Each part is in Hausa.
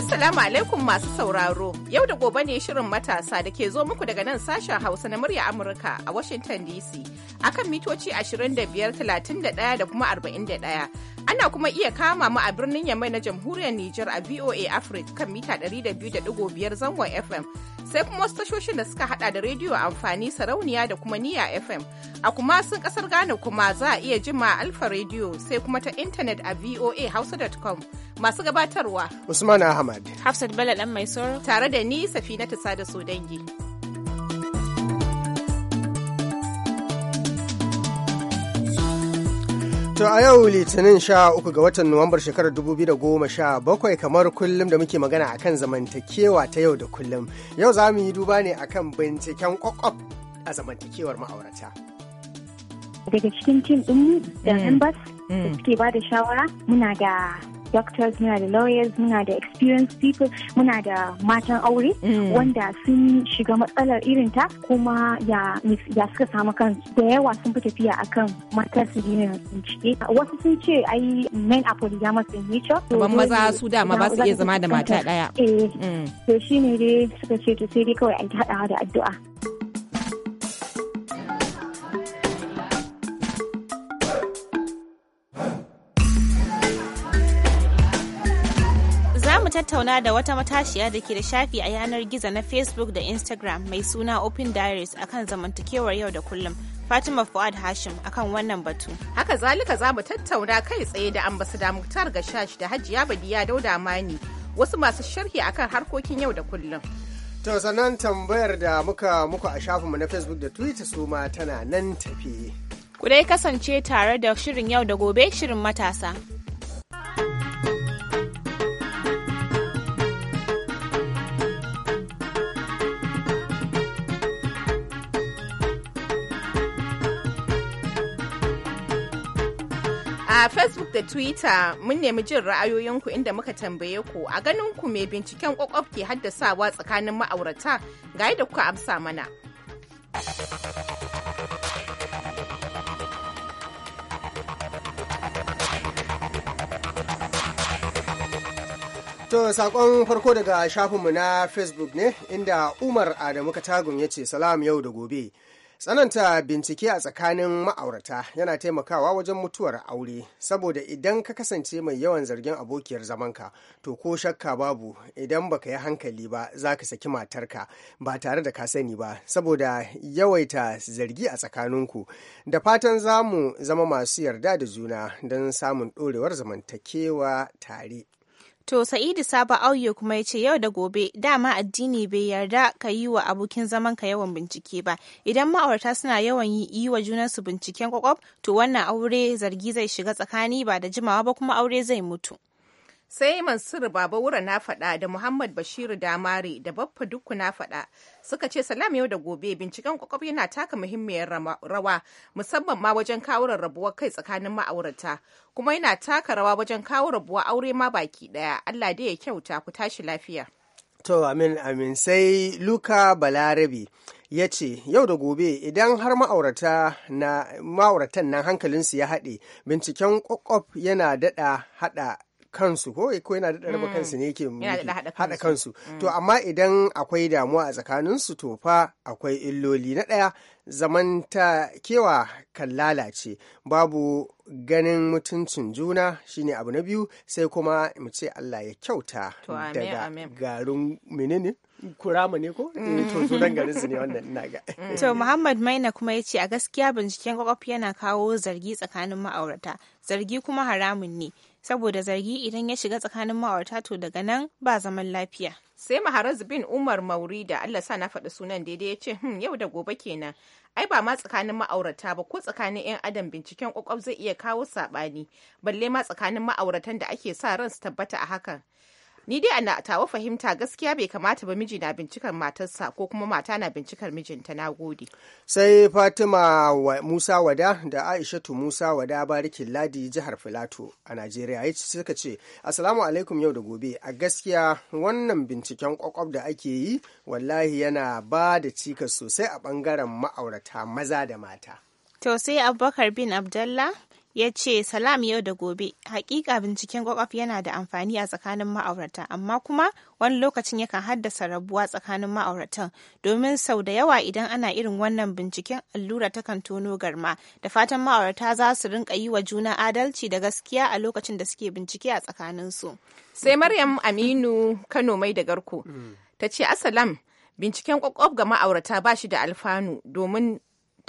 Assalamu alaikum masu sauraro. Yau da gobe ne shirin matasa da ke zo muku daga nan sashen Hausa na murya Amurka a Washington DC akan mitoci 25, 31 da kuma 41. Ana kuma iya kama mu a birnin Yamai na Jamhuriyar Nijar a VOA Africa kan mita 200.5 zangon FM. Sai kuma wasu tashoshin da suka hada da rediyo amfani sarauniya da kuma niya FM. A kuma sun kasar Ghana kuma za a iya jima alfa rediyo sai kuma ta intanet a voahausa.com Masu gabatarwa Usman Ahmad Hafsat Bala dan mai soro tare da ni Safina ta so Sodangi. To a yau litinin sha uku ga watan Nuwambar shekarar 2017 kamar kullum da muke magana akan zamantakewa ta yau da kullum. Yau za mu yi duba ne akan binciken kwakwaf a zamantakewar ma'aurata. Daga cikin tim mu da mm. members da mm. suke ba da shawara muna da doctors muna da lawyers muna da experienced people muna da matan aure mm. wanda sun shiga matsalar irin ta kuma ya suka samu kan da yawa sun fi tafiya akan matar su ginin bincike wasu sun ce ai men a polygamous in nature ban maza su dama ba su iya zama da mata daya eh mm. to shine dai suka ce to sai dai kawai a haɗawa da addu'a mu tattauna da wata matashiya da ke da shafi a yanar gizo na Facebook da Instagram mai suna Open Diaries akan zamantakewar yau da kullum. Fatima Fuad Hashim akan wannan batu. Haka zalika za mu tattauna kai tsaye da ambasada Muktar Gashash da Hajiya Badiya Dauda Mani wasu masu sharhi akan harkokin yau da kullum. To sannan tambayar da muka muku a shafinmu na Facebook da Twitter su ma tana nan tafi. Ku dai kasance tare da shirin yau da gobe shirin matasa. A Facebook da Twitter mun nemi jin ra'ayoyinku inda muka tambaye ku a ganin ku mai binciken kwakwaf ke haddasawa tsakanin ma'aurata ga yadda kuka amsa mana. To saƙon farko daga shafinmu na Facebook ne inda Umar Adamu Katagun ya ce salam yau da gobe. tsananta bincike a tsakanin ma'aurata yana taimakawa wajen mutuwar aure saboda idan ka kasance mai yawan zargin abokiyar zamanka to ko shakka babu idan baka yi hankali ba za ka saki matarka ba tare da ka sani ba saboda yawaita zargi a tsakaninku da fatan za mu zama masu yarda da juna don samun ɗorewar zamantakewa tare To Sa'idu Sabo Auyo kuma ya ce yau da gobe dama addini bai yarda ka yi wa abokin zaman ka yawan bincike ba. Idan ma'aurata suna yawan yi wa junansu binciken kwakwaf to wannan aure zargi zai shiga tsakani ba da jimawa ba kuma aure zai mutu. sai mansur baba wura na faɗa da muhammad bashiru damari da baffa dukku na faɗa suka ce salam yau da gobe binciken kwakwaf yana taka muhimmiyar rawa musamman ma wajen kawo rabuwar kai tsakanin ma'aurata kuma yana taka rawa wajen kawo rabuwar aure ma baki ɗaya allah dai ya kyauta ku tashi lafiya to amin amin sai luka balarabi ya ce yau da gobe idan har ma'aurata na ma'auratan nan hankalinsu ya haɗe binciken kwakwaf yana daɗa haɗa kansu ko ko yana da raba kansu ne yake haɗa kansu mm. to amma idan akwai damuwa a tsakaninsu to fa akwai illoli na ɗaya zamanta kewa kan lalace babu ganin mutuncin juna shine abu na biyu sai kuma mu ce Allah ya kyauta daga garin menene kurama ne ko mm. eh, to sunan garin su ne wannan ina ga mm. to Muhammad Maina kuma yace a gaskiya binciken kwakwafi yana kawo zargi tsakanin ma'aurata zargi kuma haramun ne saboda zargi idan ya shiga tsakanin ma'aurata to daga nan ba zaman lafiya. Sai Maharaz bin Umar Mauri da Allah sa na faɗi sunan daidai ya ce, "Hmm, yau da gobe kenan, ai ba ma tsakanin ma'aurata ba ko tsakanin 'yan adam binciken kwakwaf zai iya kawo saɓani, balle ma tsakanin ma'auratan da ake sa ran su tabbata a hakan." ni dai ana tawa fahimta gaskiya bai kamata ba miji na bincikar matarsa ko kuma mata na bincikar mijinta na gode sai fatima musa wada da aishatu musa wada barikin ladi jihar filato a najeriya ya suka ce asalamu alaikum yau da gobe a gaskiya wannan binciken kwakwab da ake yi wallahi yana ba da cikas sosai a bangaren ma'aurata maza da mata to sai abubakar bin abdallah ya ce salam yau da gobe hakika binciken kwakwaf yana da amfani a tsakanin ma'aurata amma kuma wani lokacin yakan haddasa rabuwa tsakanin ma'auratan domin sau da yawa idan ana irin wannan binciken allura takan tono garma da fatan ma'aurata za su rinka yi wa juna adalci da gaskiya a lokacin da suke bincike a tsakaninsu sai maryam aminu kano mai da garko mm. ta ce asalam binciken kwakwaf ga ma'aurata ba shi da alfanu domin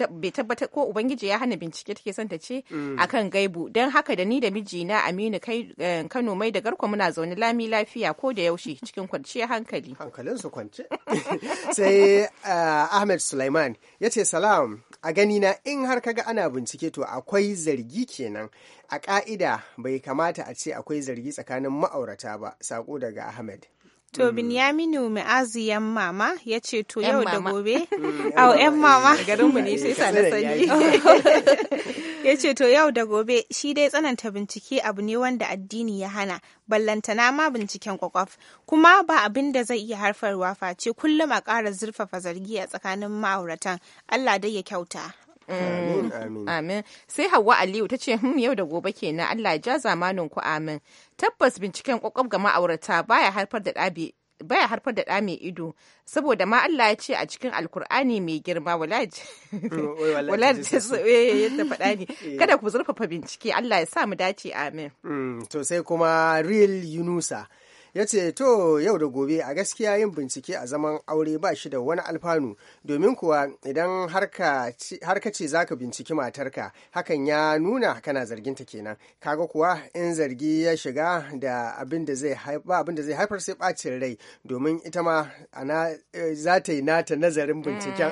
bai tabbatar ko ubangiji ya hana bincike take son ta ce mm. akan gaibu don haka da ni da mijina aminu kai eh, kano mai da garkwa muna zaune lami lafiya ko da yaushe cikin kwanciyar hankali hankalin su kwance sai eh, ahmed sulaiman ya ce salam a gani na in har kaga ana bincike to akwai zargi kenan a ka'ida bai kamata a ce akwai zargi tsakanin ma'aurata ba sako daga ahmed To mm. Binyaminu Ma'azu yan mama ya ce to mm, yau da gobe. Au yan mama. Garinmu ne sai sa sani. Ya ce to yau da gobe shi dai tsananta bincike abu ne wanda addini ya hana ballantana ma binciken kwakwaf kuma ba abin da zai iya haifarwa face kullum a ƙara zurfafa zargi a tsakanin ma'auratan Allah dai ya kyauta. Mm. Amin. Sai Hauwa Aliyu ta ce hum yau da gobe kenan Allah ja zamanin ku amin. Tabbas binciken kwakwab ga ma'aurata baya ya da ɗabi harfar da ɗa mai ido saboda ma Allah ya ce a cikin alkur'ani mai girma wala kada ku zurfafa bincike Allah ya sa mu dace amin mm, to sai kuma real yunusa ya ce to yau da gobe a gaskiya yin bincike a zaman aure ba shi da wani alfanu domin kuwa idan harka ce za ka binciki matarka hakan ya nuna kana zarginta kenan kaga kuwa in zargi ya shiga da abin da zai haifar sai bacin rai domin ita ma eh, za ta yi nata nazarin binciken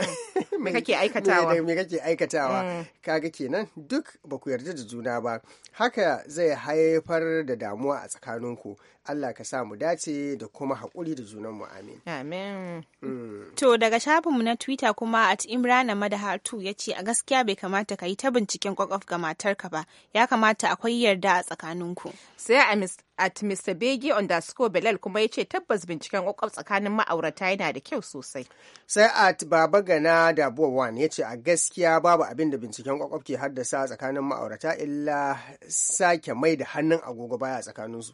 mm. aikatawa me kake aikatawa mm. kaga kenan duk ba ku yarda da juna ba haka zai haifar da damuwa a tsakaninku Allah ka sa mu dace da kuma haƙuri da junanmu amin. Amin. Mm. To daga shafinmu na Twitter kuma at Imrana Madahatu ya ce a gaskiya bai kamata ka yi ta binciken kwakwaf ga matarka ba, ya kamata akwai yarda a tsakaninku. Sai at Mr. Begi underscore Belal kuma ya ce tabbas binciken kwakwaf tsakanin ma'aurata yana da kyau sosai. Sai at Baba Gana da Bowan ya ce a gaskiya babu abin da binciken kwakwaf ke haddasa tsakanin ma'aurata illa sake mai da hannun agogo baya tsakaninsu.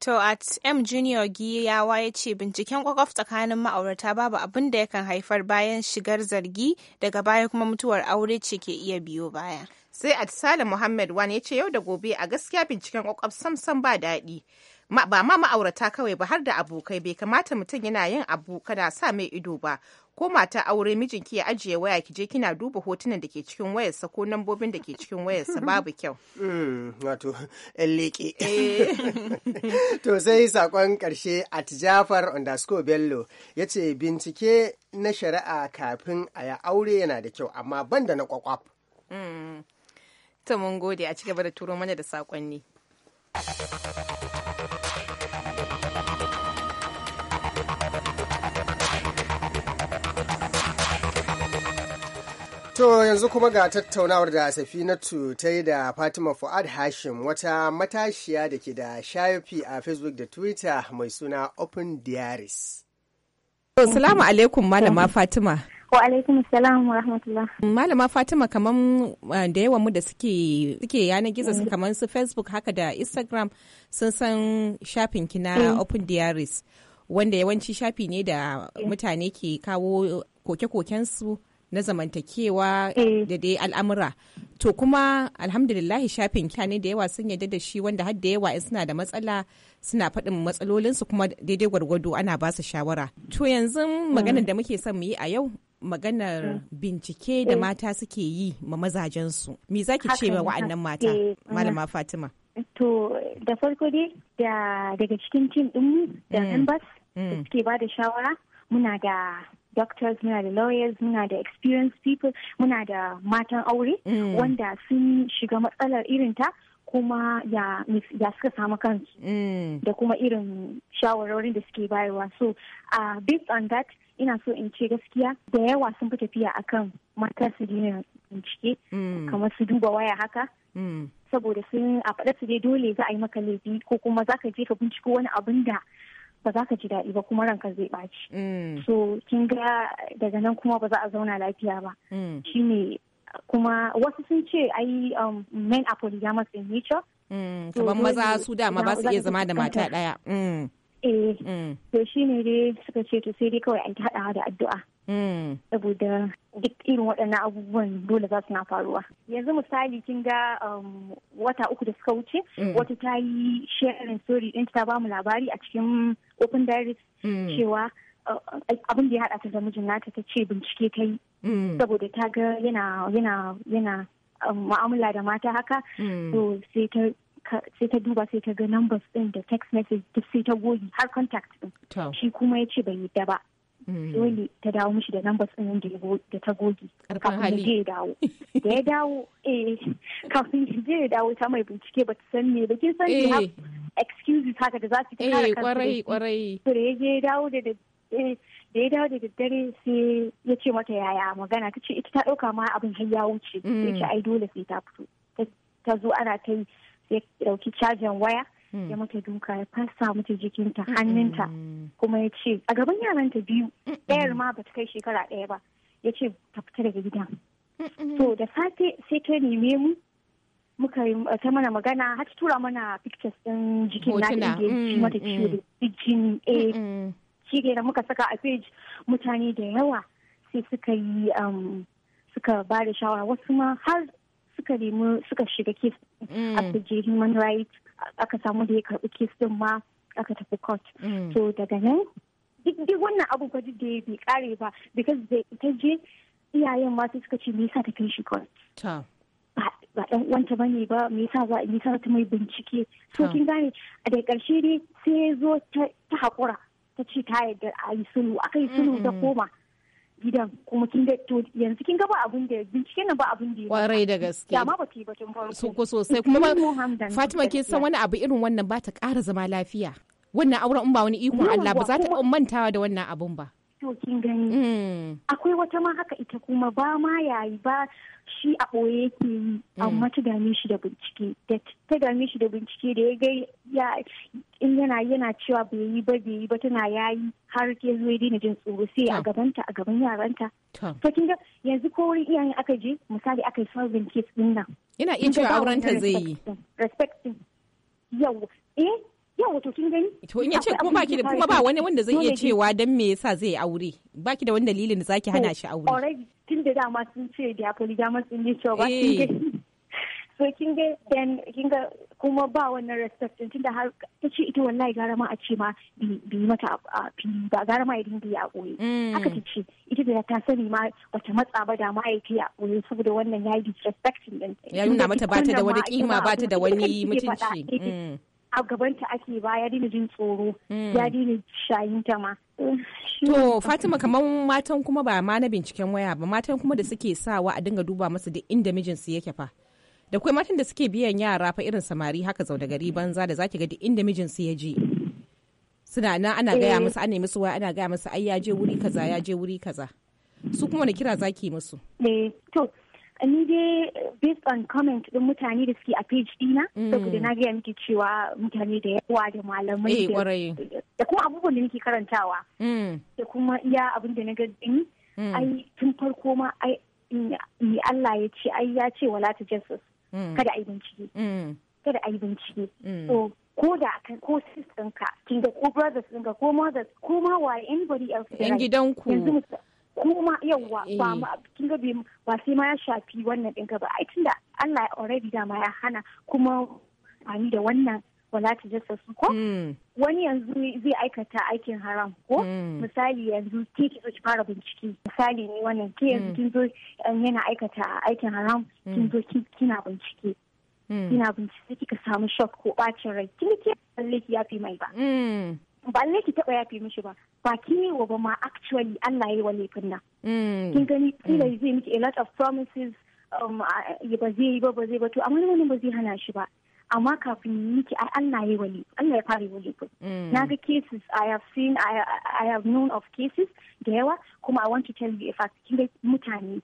To at M Junior Giyawa ya ce binciken kwakwaf tsakanin ma'aurata babu abin da yakan haifar bayan shigar zargi daga baya kuma mutuwar aure ce ke iya biyo baya. Sai at Salim Muhammad wani ya ce yau da gobe a gaskiya binciken kwakwaf sam ba daɗi. ba ma ma'aurata kawai ba har da abokai bai kamata mutum yana yin abu kana sa mai ido ba ko mata aure mijinki ya ajiye waya ki je kina duba hotunan da ke cikin wayarsa ko lambobin da ke cikin wayarsa babu kyau. Hmm, wato yan leƙe. Eh. to sai saƙon ƙarshe a Tijafar underscore bello ya ce bincike na shari'a kafin a ya aure yana da kyau amma ban da na kwakwaf. Hmm. ta mun gode a ci gaba da turo mana da saƙonni. To yanzu kuma ga tattaunawar da Safinatu ta yi da Fatima Fuad Hashim wata matashiya da ke da shafi a Facebook da Twitter mai suna Open Diaries. Salamu alaikum Malama Fatima. Wa alaikum Malama Fatima kaman uh, da yawan mu da suke yanar gizo su kamar su Facebook haka da Instagram sun san shafin kina mm. Open Diaries wanda yawanci shafi ne da mutane ke kawo koke-kokensu na zamantakewa eh. da dai al'amura to kuma alhamdulillahi shafin kyane da yawa sun yadda da shi wanda har da yawa in suna da matsala suna faɗin matsalolinsu kuma daidai gwargwado ana ba su shawara to yanzu maganar mm. da muke son mu yi a yau maganar mm. bincike da eh. mata suke yi ma mazajensu me zaki ce ma wa'annan mata eh, mm. malama fatima to da farko dai daga cikin tim ɗinmu da members da suke ba da shawara muna da doctors muna da lawyers muna da experienced people muna da matan aure mm. wanda sun shiga matsalar irin ta kuma ya, suka samu kansu mm. da kuma irin shawarorin da suke bayarwa so uh, based on that ina so in ce gaskiya da yawa sun fi tafiya akan mata su dina bincike mm. kamar su duba waya haka saboda sun a faɗa su dai dole za a yi maka laifi ko kuma za ka je ka binciko wani abin da ba za ka ji daɗi ba kuma ranka zai ɓaci. Mm. So kin ga daga nan kuma ba za a zauna lafiya ba. Mm. ne kuma wasu sun ce ai um, men polygamous in nature. Mm, kamar maza su dama ba su iya zama da mata ɗaya. Eh, mm. to shi ne dai suka ce to sai dai kawai an haɗawa da addu'a mm. saboda duk irin waɗannan abubuwan dole za su na faruwa yanzu misali kin ga um, wata uku da suka wuce mm. wata ta yi sharing story ɗin ta bamu labari a cikin open diaries cewa uh, abin da ya haɗa ta da mijin nata ta ce bincike ta yi saboda ta ga yana yana yana um, mu'amala da mata haka to sai ta sai ta duba sai ta ga numbers din da text message duk sai ta goyi har contact din shi kuma ya ce bai yadda ba mm. dole ta dawo mishi da numbers din da ta goyi. kafin ya ya dawo da ya dawo eh kafin ya ya dawo ta mai bincike ba ta san me ba kin san ki eh. excuses haka da za su ta kare eh, kwarai kwarai to da ya je dawo da da ya dawo da daddare sai ya ce mata yaya magana ta ce ita ta ɗauka ma abin har ya wuce sai mm. ce ai dole sai ta fito ta zo ana ta yi E, e, hmm. ya ɗauki cajin waya ya mata duka ya fasa mata jikinta hmm. hannunta kuma ya ce a gaban yaranta biyu hmm. ɗayar ma ta kai shekara ɗaya ba ya ce ta fita daga gidan to da safe sai ta neme mu muka yi ta mana magana har ta tura mana pictures ɗin jikin na da ya mata ciwo da jini a eh, shi da muka saka a page mutane da yawa sai suka yi um, suka ba da shawara wasu ma har suka nemi suka shiga kes aka je human rights aka samu da ya karbi kes din ma aka tafi court to mm. daga nan duk wannan abubuwa duk da ya bai kare ba because da ita je iyayen masu suka ce me yasa ta kai shi court ba dan ba ne ba me yasa za me yasa ta mai bincike so kin gane a da karshe dai sai zo ta hakura ta ce ta yarda a yi sulu aka yi sulhu ta koma gidan kuma kin ga to yanzu kin ga ba abin da binciken nan ba abin da kwarai da gaske amma ba ta yi farko so ko sosai kuma Fatima ke san wani abu irin wannan ba ta ƙara zama lafiya wannan auren in ba wani ikon Allah ba za ta mantawa da wannan abun ba to kin gani mm. akwai wata ma haka ita kuma ba ma yayi ba shi a ɓoye yake yi mm. amma ta game shi da bincike da ta game shi da bincike da ya gai ya in yana yana cewa bai yi ba bai yi ba tana yayi har ke zo daina jin tsoro sai a gabanta a gaban yaranta to kin ga yanzu ko wuri iyayen aka je misali aka yi solving case din nan Ina iya cewa aurenta zai yi respecting yau eh yau wato kin gani to in yace kuma baki da kuma ba wani wanda zai iya cewa dan me yasa zai aure baki da wani dalilin da zaki hana shi aure already tun da dama sun ce da polygamous sun yi cewa ba kin eh. so kin ga then kin ga kuma ba wannan respect tun da har ta ce ita wallahi gara ma a ce ma bi mata a fili ba gara ma idan bi a koyi mm. haka ta ce ita da ta sani ma wata matsa ba da ma a aure saboda wannan ya yi disrespecting din ya nuna mata ba ta da wani kima ba ta da wani mutunci a gabanta ake ba ya dina jin tsoro hmm. ya dina shayin ta ma. To Fatima kamar matan kuma ba ma na binciken waya ba matan kuma da suke sawa a dinga duba masu da inda mijinsu yake fa. Da kwai matan da suke biyan yara fa irin samari haka zaune gari banza da zaki ga duk inda mijinsu ya je. Suna nan ana gaya eh. musu ana musu waya ana gaya musu ai ya je wuri kaza ya je wuri kaza. Su kuma na kira zaki musu. Eh, to ni dai based on comment din mutane da suke a page dina mm. saboda na gaya miki cewa mutane da yawa da malamai eh, da kuma abubuwan da nake karantawa mm. da kuma iya abin da na gani mm. ai tun farko ma ai Allah ya ce ai ya ce wala ta jesus kada ai bincike kada ai bincike so ko da kan ko sister ka kin ko brothers ɗinka ko mothers ko ma waye anybody else yan gidanku yanzu kuma yau ba eh. mu kin ga ba sai ma ya shafi wannan ɗinka ba ai tunda Allah ya already da ma ya hana kuma ani da wannan wala ta jasa su ko hmm. wani yanzu zai aikata aikin haram ko hmm. misali yanzu ke ki zo fara bincike misali ne wannan ke yanzu hmm. kin zo eh, yana aikata aikin haram kin zo kina bincike kina bincike kika samu shock ko bacin rai kin ke kalle ki yafi mai ba ba ne ki taɓa yafe mishi ba ba ki wa ba ma actually Allah ya yi wa laifin nan. Mm. Kin gani mm. kila zai miki a lot of promises um, ba zai yi ba ba zai ba to amma wani ba zai hana shi ba. Amma kafin miki ai Allah ya wani Allah ya fara wani laifin. Mm. Na ga cases I have seen I, I have known of cases da yawa kuma I want to tell you a fact kin ga mutane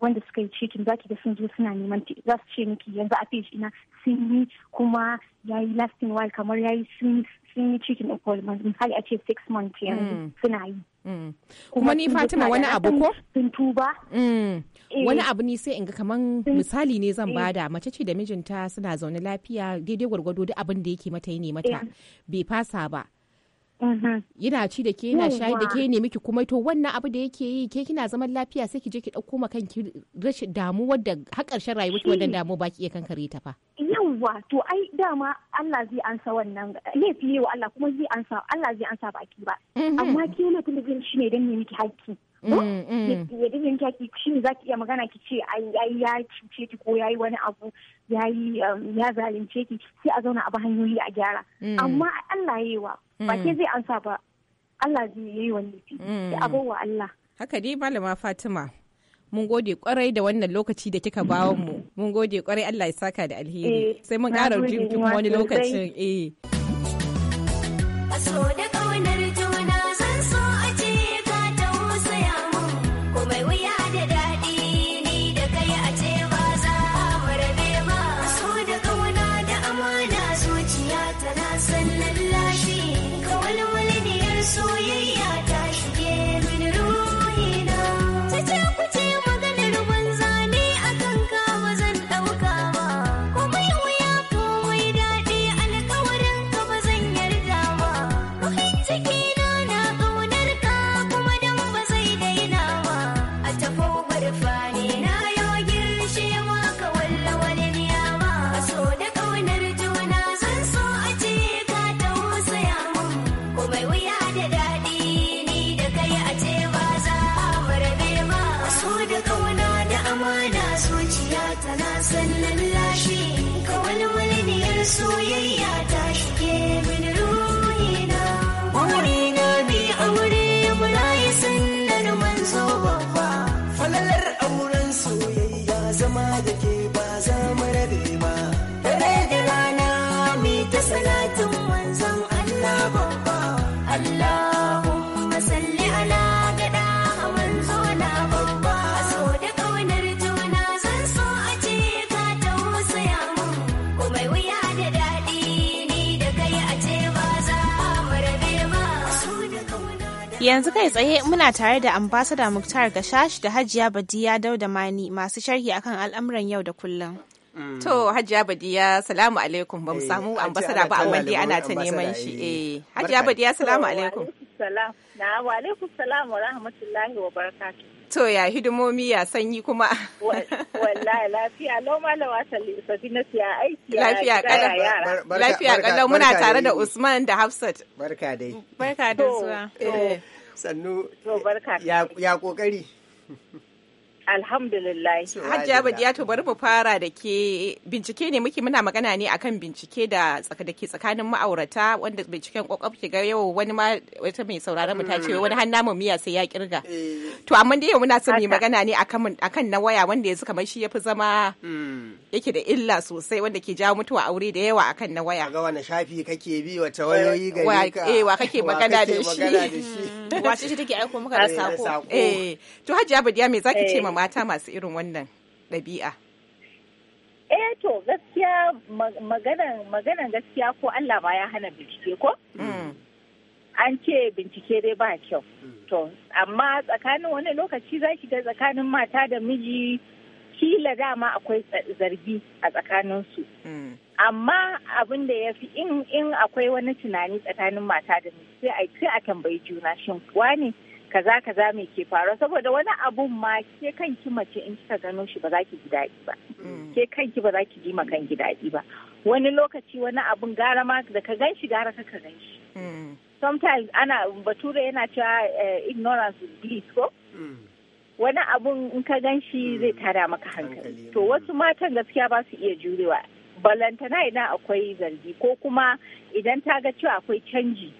wanda suka yi cikin za ki da sun zo suna neman za su ce miki yanzu a page ina sun yi kuma ya yi lasting while kamar ya yi sun sun yi cikin appointment misali a ce six months mm. yanzu suna yi. Mm. Kuma ni Fatima wani abu ko? Sun tuba. Mm. Eh. Wani abu ne sai in ga kaman misali ne zan eh. bada mace ce da mijinta suna zaune lafiya daidai gwargwado duk abin da yake mata ne mata eh. bai fasa ba. Mm-hmm. Yana ci da ke yana shayi da ke ne miki kuma to wannan abu da yake yi ke kina zaman lafiya sai ki je ki dauko ma kanki rashin damuwar da har karshen rayuwar ki wannan damuwa baki iya kankare ta fa. yauwa to ai dama Allah zai ansa wannan laifi yi wa Allah kuma zai ansa Allah zai ansa baki ba mhm. amma ke na talabijin shi ne dan ne miki haƙƙi mhm, mhm. ya dinga miki haƙƙi shi ne zaki iya magana ki ce ai ya cuce ki ko yayi wani abu yayi um, ya zalunce ki sai a zauna a ba hanyoyi a gyara amma Allah yayi wa ba ke zai ansa ba Allah zai yi wa laifi sai abubuwa Allah haka dai malama Fatima mun gode kwarai da wannan lokaci da kika bawo mu mun gode kwarai Allah ya saka da alheri eh, sai mun ƙara jin wani lokacin eh. yanzu kai tsaye muna tare da ambasada Muktar Gashash da Hajiya Badiya Dauda Mani masu sharhi akan al'amuran yau da kullum. Mm. To Hajiya Badiya salamu alaikum ba mu eh, samu ambasada ba amma dai ana ta neman shi. Eh Hajiya Badiya salamu alaikum. Na wa alaikum salam wa rahmatullahi wa barakatuh. To ya hidimomi ya sanyi kuma. Wallahi lafiya lau malawa Sabina ya aiki Lafiya yara. Lafiya kalau muna tare da Usman da Hafsat. Barka dai. Barka da zuwa. Eh. sannu ya kokari Alhamdulillah. Hajji Abadi ya bari mu fara da ke bincike ne muke muna magana ne akan bincike da tsakanin ma'aurata wanda binciken kwakwaf ke ga yau wani ma wata mai sauraron mu ta ce mm. wani hannu mu miya sai ya kirga. Eh. To amma dai yau muna son mu magana ne akan akan na waya wanda yanzu kamar shi ya fi zama mm. yake da illa sosai wanda ke jawo mutuwa aure da yawa akan na waya ga wani shafi kake bi wata wayoyi gari ka eh wa kake magana da shi wa shi take aiko maka da eh, sako eh to Hajiya Badiya me zaki ce eh. ma mata masu irin wannan ɗabi'a eh to gaskiya maganan maganan gaskiya ko Allah ba ya hana bincike ko mm. an ce bincike dai ba kyau mm. to amma tsakanin wani lokaci zaki ga tsakanin mata da miji kila dama akwai zargi a tsakaninsu. Hmm. Amma abin da ya fi in akwai wani tunani tsakanin mata da miji sai a tambayi juna shin kuwa ne kaza kaza me ke faru saboda wani abun ma ke kanki mace in kika gano shi ba za ki ji daɗi ba. Hmm. Ke kanki ba za ki ji makan ki daɗi ba. Wani lokaci wani abun gara ma da ka gan shi gara ka ka gan shi. Hmm. Sometimes ana bature yana cewa eh, ignorance is bliss ko? wani abun in ka gan shi hmm. zai tara maka hankali to wasu matan gaskiya ba su iya jurewa balantana idan akwai zargi ko kuma idan ta ga cewa akwai canji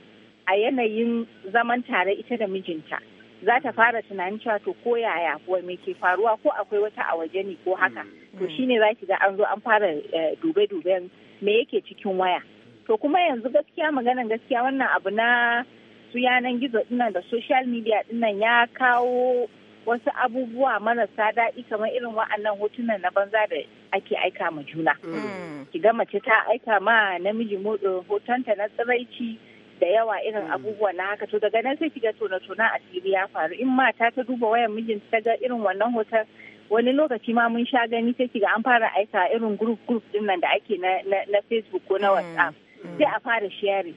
a yanayin zaman tare ita da mijinta za ta fara tunanin cewa to ko yaya wai me ke faruwa ko akwai wata a waje ne ko haka hmm. to shine za ki ga an zo an fara eh, dube-duben me yake cikin waya to kuma yanzu gaskiya maganan gaskiya wannan abu na su yanan gizo dinnan da social media dinnan ya kawo wasu abubuwa marasa daɗi kamar irin wa'annan hotunan na banza da ake aika ma juna. Mm. Ki ga mace ta aika ma namiji eh, hotonta na tsiraici da yawa irin mm. abubuwa na haka to daga nan sai ki ga tona-tona asiri ya faru in mata ta duba wayan mijinta ta ga irin wannan hoton wani lokaci ma mun sha gani sai kiga an fara aika irin group group din nan da ake na, facebook ko na mm. whatsapp sai a fara sharing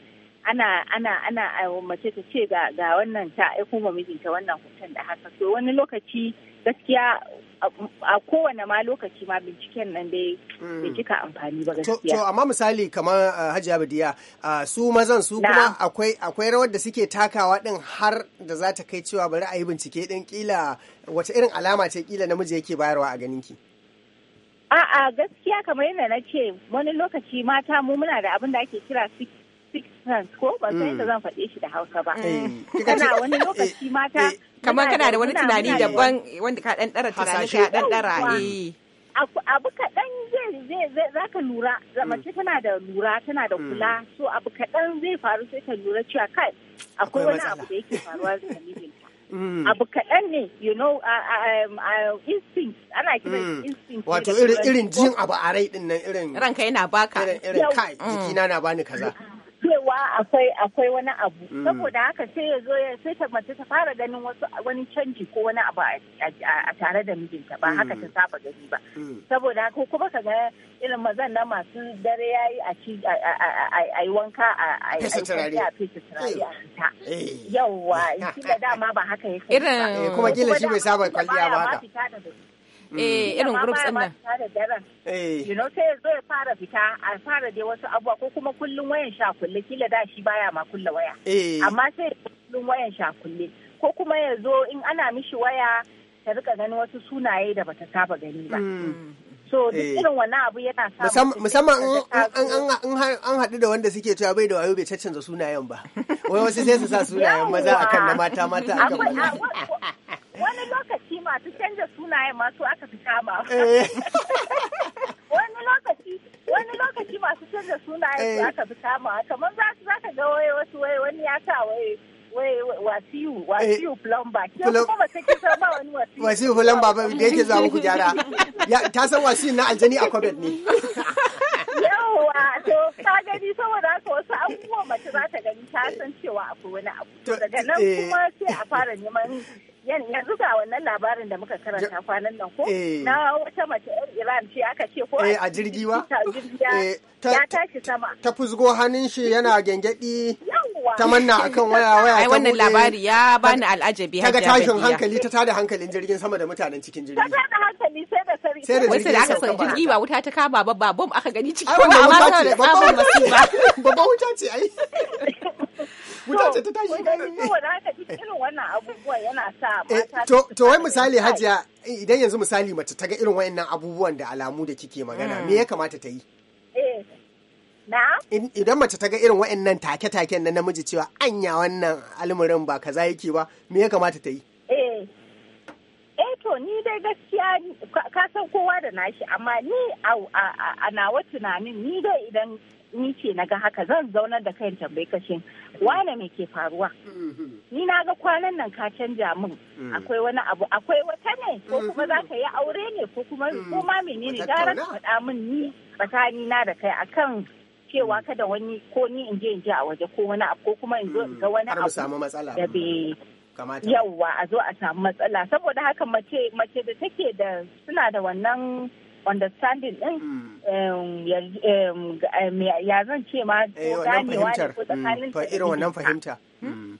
ana ana ana mace ta ce ga ga wannan ta aiko ma mijinta wannan hoton da haka so wani lokaci gaskiya a kowane ma lokaci ma binciken nan dai hmm. bai cika amfani ba gaskiya to amma misali kamar uh, Hajiya Badiya uh, su mazan su kuma akwai akwai rawar da suke takawa din har da za ta kai cewa bari a yi bincike din kila wace irin alama ce kila namiji yake bayarwa a ganin ki A'a gaskiya kamar yadda na ce wani lokaci mata mu muna da abin da ake kira sixpence ko ba sai da mm. zan faɗe shi da hausa ba eh. wani lokaci mata eh, kamar kana da wani tunani daban wanda ka ɗan ɗara tunani ka ɗan ɗara eh. abu kaɗan zai za ka lura mm. mace tana da lura tana da mm. kula so abu kaɗan zai faru sai ka lura cewa kai akwai wani abu da yake faruwa da mijinta abu kaɗan ne you know um, instinct ana kiran instinct wato irin jin abu a rai nan irin ranka yana baka irin kai jikina na bani kaza cewa akwai akwai wani abu mm. saboda haka sai ya zo ya sai ta mace ta fara ganin wasu wani canji ko wani abu a tare da mijinta ba haka ta mm. saba gani ba mm. saboda haka kuma ka ga irin mazan na masu dare yayi a ci a yi wanka a yi a fesa turare a ta eh. yawa kila dama ba haka yake irin eh, kuma kila shi bai saba kwalliya ba haka eh mm. irin groups din nan eh you know sai ya zo ya fara fita a fara dai wasu abuwa ko kuma kullum wayan sha kulle kila da shi baya ma kulle waya eh. amma sai kullum wayan sha kulle ko kuma ya zo in ana mishi waya ta rika ganin wasu sunaye da bata saba gani ba mm. so duk eh. irin wannan abu yana sa musamman an haɗu da wanda suke cewa bai da wayo bai caccanza sunayen ba wai wasu sai su sa sunayen maza akan na mata mata akan maza Wani lokaci masu canza sunaye masu aka fi kama. Eh. Wani lokaci wani lokaci masu canza sunaye su eh. aka fi kama kamar za su zaka ga waye wasu waye wani ya sa waye waye wasiyu eh. wasiyu plumber ke kuma ba sai kisa ba wani wasiyu wasiyu plumber ba da yake zuwa muku gyara ta san wasiyu na aljani a kwabet ne to ta gani saboda haka wasu abubuwa mace za ta gani ta san cewa akwai wani abu daga nan kuma sai a fara neman yanzu ga wannan labarin da muka karanta kwanan nan ko eh. na wata mace yan Iran ce aka ce ko eh, a jirgi ba eh, ya tashi sama ta fusgo hannun shi yana gengedi ta manna akan waya waya ta wannan labari ya bani al'ajabi ta ga tashin hankali ta tada hankalin jirgin sama da mutanen cikin jirgi ta tada hankali sai da sari sai da sai da aka san jirgi ba wuta ta kama babba bom aka gani cikin ba amma ba babban wuta ce ai wuta ta tashi haka irin wannan abubuwan yana sa eh, mata to wai misali hajiya idan yanzu misali mace ta ga irin wayannan abubuwan da alamu da kike magana mm. me ya kamata ta yi eh, Idan mace ta ga irin waɗannan take-taken na namiji cewa anya wannan almurin ba kaza yake ba, me ya kamata ta yi? ni dai gaskiya ka san kowa da nashi amma ni a nawa tunanin ni dai idan ni ce na ga haka zan zaunar da kayan tambayi kashin wane mai ke faruwa mm-hmm. ni na ga kwanan nan ka canja min mm. akwai wani abu akwai wata ne ko mm-hmm. kuma za ka yi aure ne ko kuma mm. kuma menene gara ka faɗa min ni tsakani na da kai akan cewa kada wani ko ni in je in je a waje ko wani abu ko kuma in zo in ga mm. wani abu da bai yawwa a zo a samu matsala saboda haka mace mace da take da suna da wannan understanding din mm. ya zan ce ma eh, ganewa ne ko mm, tsakanin irin wannan fahimta hmm? mm.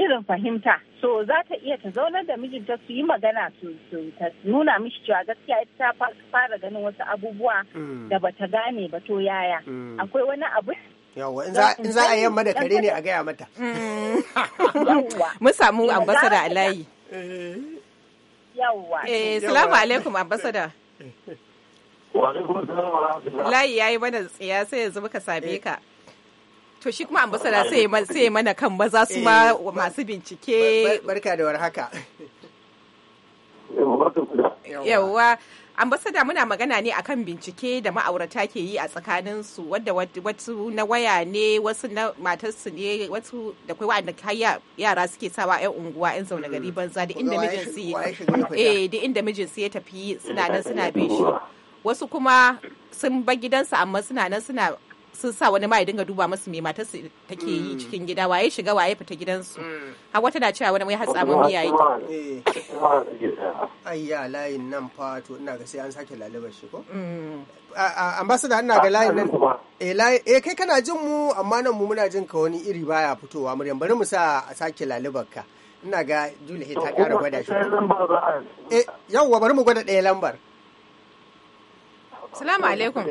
irin fahimta so za ta iya ta zaunar da mijinta su yi magana su nuna mishi cewa gaskiya ita ta fara ganin wasu abubuwa da bata gane ba to yaya akwai wani abu Yawwa in za a yamma da kare ne a gaya mata. Mm. Mun samu ambasada a layi. Eh. Yawwa. Eh, salamu alaikum ambasada. Layi ya yi mana tsiya sai yanzu muka same eh. ka. To shi kuma ambasada sai ya mana kan maza su ma eh. masu bincike. Barka da warhaka. Yawwa. da muna magana ne akan bincike da ma'aurata ke yi a tsakanin su wadda wasu na waya ne wasu na matarsu ne wasu da kai wa'anda kaya yara suke sawa yan unguwa yan zaune gari mm. banza da inda mijin su eh da inda mijin su ya tafi suna nan suna bin shi wasu kuma sun ba gidansu amma suna nan suna sun sa wani ma ya dinga duba masu mai matar su take yi mm. cikin gida waye shiga waye fita gidansu mm. har wata na cewa wani mai hatsa mun miya yi ya layin nan fa to ina ga sai an sake lalubar shi ko mm. ambassador ina ga layin nan eh, eh kai kana jin mu amma nan mu muna jin ka wani iri baya fitowa muryan bari mu sa a sake lalubar ka ina ga Julie ta kara gwada shi eh yawwa bari mu gwada ɗaya lambar Salamu eh, alaikum.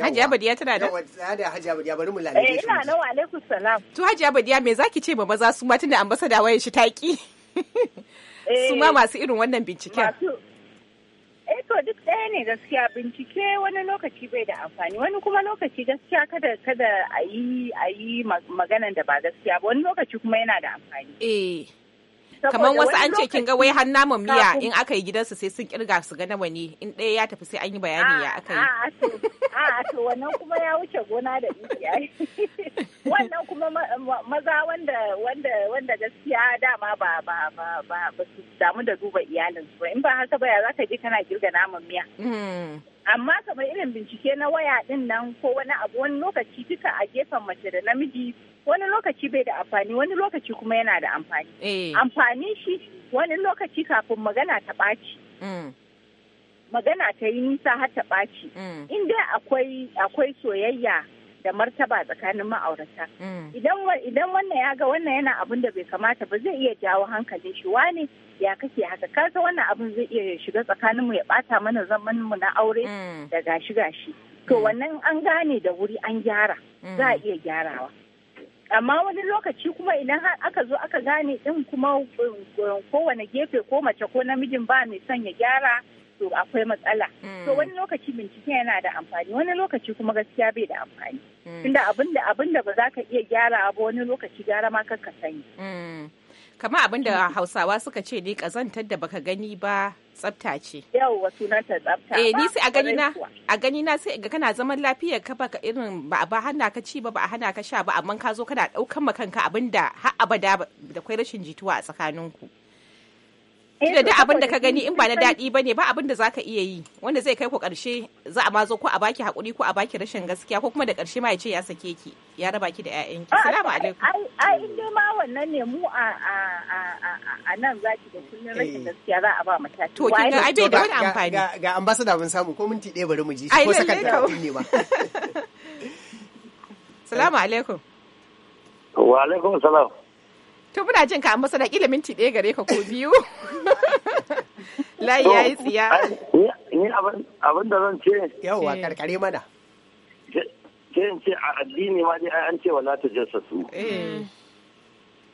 Hajiya Badiya tana da? Yawa, da Hajiya bari mu eh, lalace shi. Eh, ina nawa alaikum salam. To Hajiya Badiya me zaki ce ma maza su ma tunda ambasada waye shi taki? Su ma eh, masu irin wannan binciken. eh to duk ɗaya ne gaskiya bincike wani lokaci bai da amfani wani kuma lokaci gaskiya kada kada a yi a yi maganan da ba gaskiya ba wani lokaci kuma yana da amfani eh kamar wasu an ce kin ga wai har naman miya in aka yi gidansu sai sun kirga su ga nawa ne in ɗaya ya tafi sai an yi bayani ya aka yi a to wannan kuma ya wuce gona da dukiya wannan kuma maza wanda wanda wanda gaskiya dama ba ba ba ba su damu da duba iyalinsu ba in ba haka ba ya ka je kana kirga naman miya hmm. amma kamar irin bincike na waya din nan ko wani abu wani lokaci duka a gefen mace da namiji wani lokaci bai da amfani wani lokaci kuma yana da amfani eh. amfani shi wani lokaci kafin magana ta ɓaci mm. magana ta yi nisa har ta ɓaci mm. in dai akwai soyayya da martaba tsakanin ma'aurata mm. idan wannan ya ga wannan yana abin da bai kamata ba zai iya jawo hankalin shi wani ya kake haka kasa wannan abin zai iya shiga mu ya bata mana zaman mu na aure mm. da gashi gashi to mm. wannan an gane da wuri an gyara za a iya gyarawa amma wani lokaci kuma idan har aka zo aka gane din kuma um, um, kowane gefe ko mace ko namijin ba mai son ya gyara so akwai matsala to mm. wani lokaci bincike yana da amfani wani lokaci kuma gaskiya bai da amfani mm. tunda abinda abinda ba za ka iya gyara ba wani lokaci gyara ma ka sani mm. kamar abin da hausawa suka ce ni kazantar da baka gani ba tsafta ce yau na sunanta tsafta eh ni sai a gani na a gani na sai ga kana zaman lafiya ka baka irin ba ba hana ka ci ba ba hana ka sha ba amma ka zo kana daukan ma kanka abinda ha har abada da kai rashin jituwa a tsakaninku Tunda eh, da abin da ka gani in ba na daɗi ba ne ba abin da za ka iya yi wanda zai kai ku ƙarshe za a mazo ko a baki haƙuri ko a baki rashin gaskiya ko kuma da ƙarshe ma ya ce ya sake ki ya raba ki da 'ya'yanki. Salamu alaikum. Ai in dai ma wannan ne mu a a a a nan za ki da kullum eh. rashin gaskiya za a ba mu tashi. To ki ga ai bai da wani amfani. Ga ga ambassador mun samu ko minti ɗaya bari mu ji ko sakan talatin ne ba. Salamu alaikum. Wa alaikum salam. To muna jin ka amma sana ila minti ɗaya gare ka ko biyu. Layi ya yi tsiya. Ni abin da zan ce. Eh. karkare mana. ce in ce a addini ma dai an ce wala ta jasa su. Eh.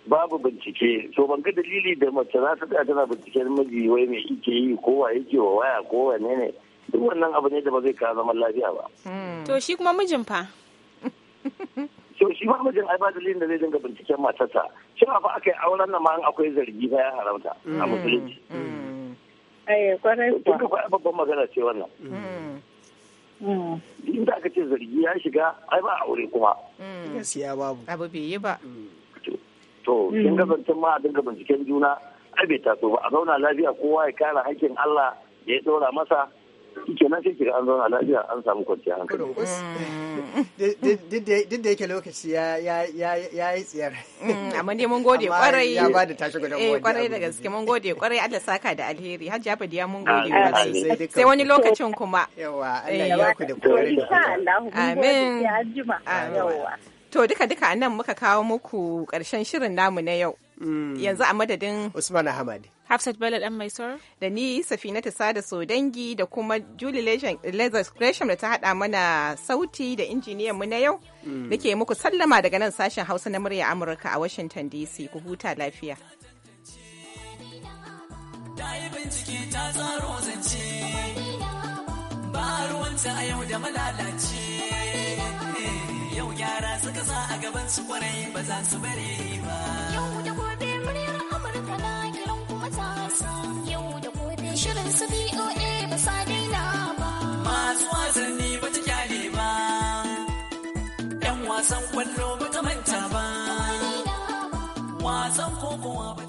Babu bincike, to ban ga dalili da mace za ta tsaya tana binciken miji wai me yake yi ko wa yake wa waya ko ne ne. Duk wannan abu ne da ba zai kawo zaman lafiya ba. Hmm. To shi kuma mijin fa. to shi ba mijin ai ba dalilin da zai dinga binciken matarsa shi ba aka yi auren nan ma an akwai zargi ba ya haramta a mm. musulunci mm. ai kwarai ba babban magana ce wannan mm. in da aka ce zargi ya shiga ai ba aure kuma gaskiya babu abu bai yi ba to kin ga zancen ma a dinga binciken juna ai bai taso ba a zauna lafiya kowa ya kare hakkin Allah da ya ɗora masa kenan sai kira an zauna lafiya an samu kwanciyar hankali duk da yake lokaci ya yi tsiyar mm, amma dai mun gode kwarai ya ba da tashi gudan eh, gode kwarai da gaske mun gode kwarai Allah saka da alheri hajji ya mun gode sai wani lokacin kuma yawa Allah eh. ya ku da kwarai amin to duka duka nan muka kawo muku karshen shirin namu na yau mm. yanzu a madadin Usman Ahmad Hafsat Bello ɗan mai sor. Da ni ta Sada Sodangi da kuma Julie Lazarus Gresham da ta haɗa mana sauti da injiniyan mu na yau. Mm. Nake muku sallama daga nan sashen Hausa na murya Amurka a Washington DC. Ku huta lafiya. Eh, yau gyara suka sa a gaban su kwarai ba za su bari ba. Yau da gobe shirin su BOA ba sa daina ba. Masu wasanni ba ta kyale ba. Yan wasan kwallo ba ta manta ba. Wasan kokowa ba.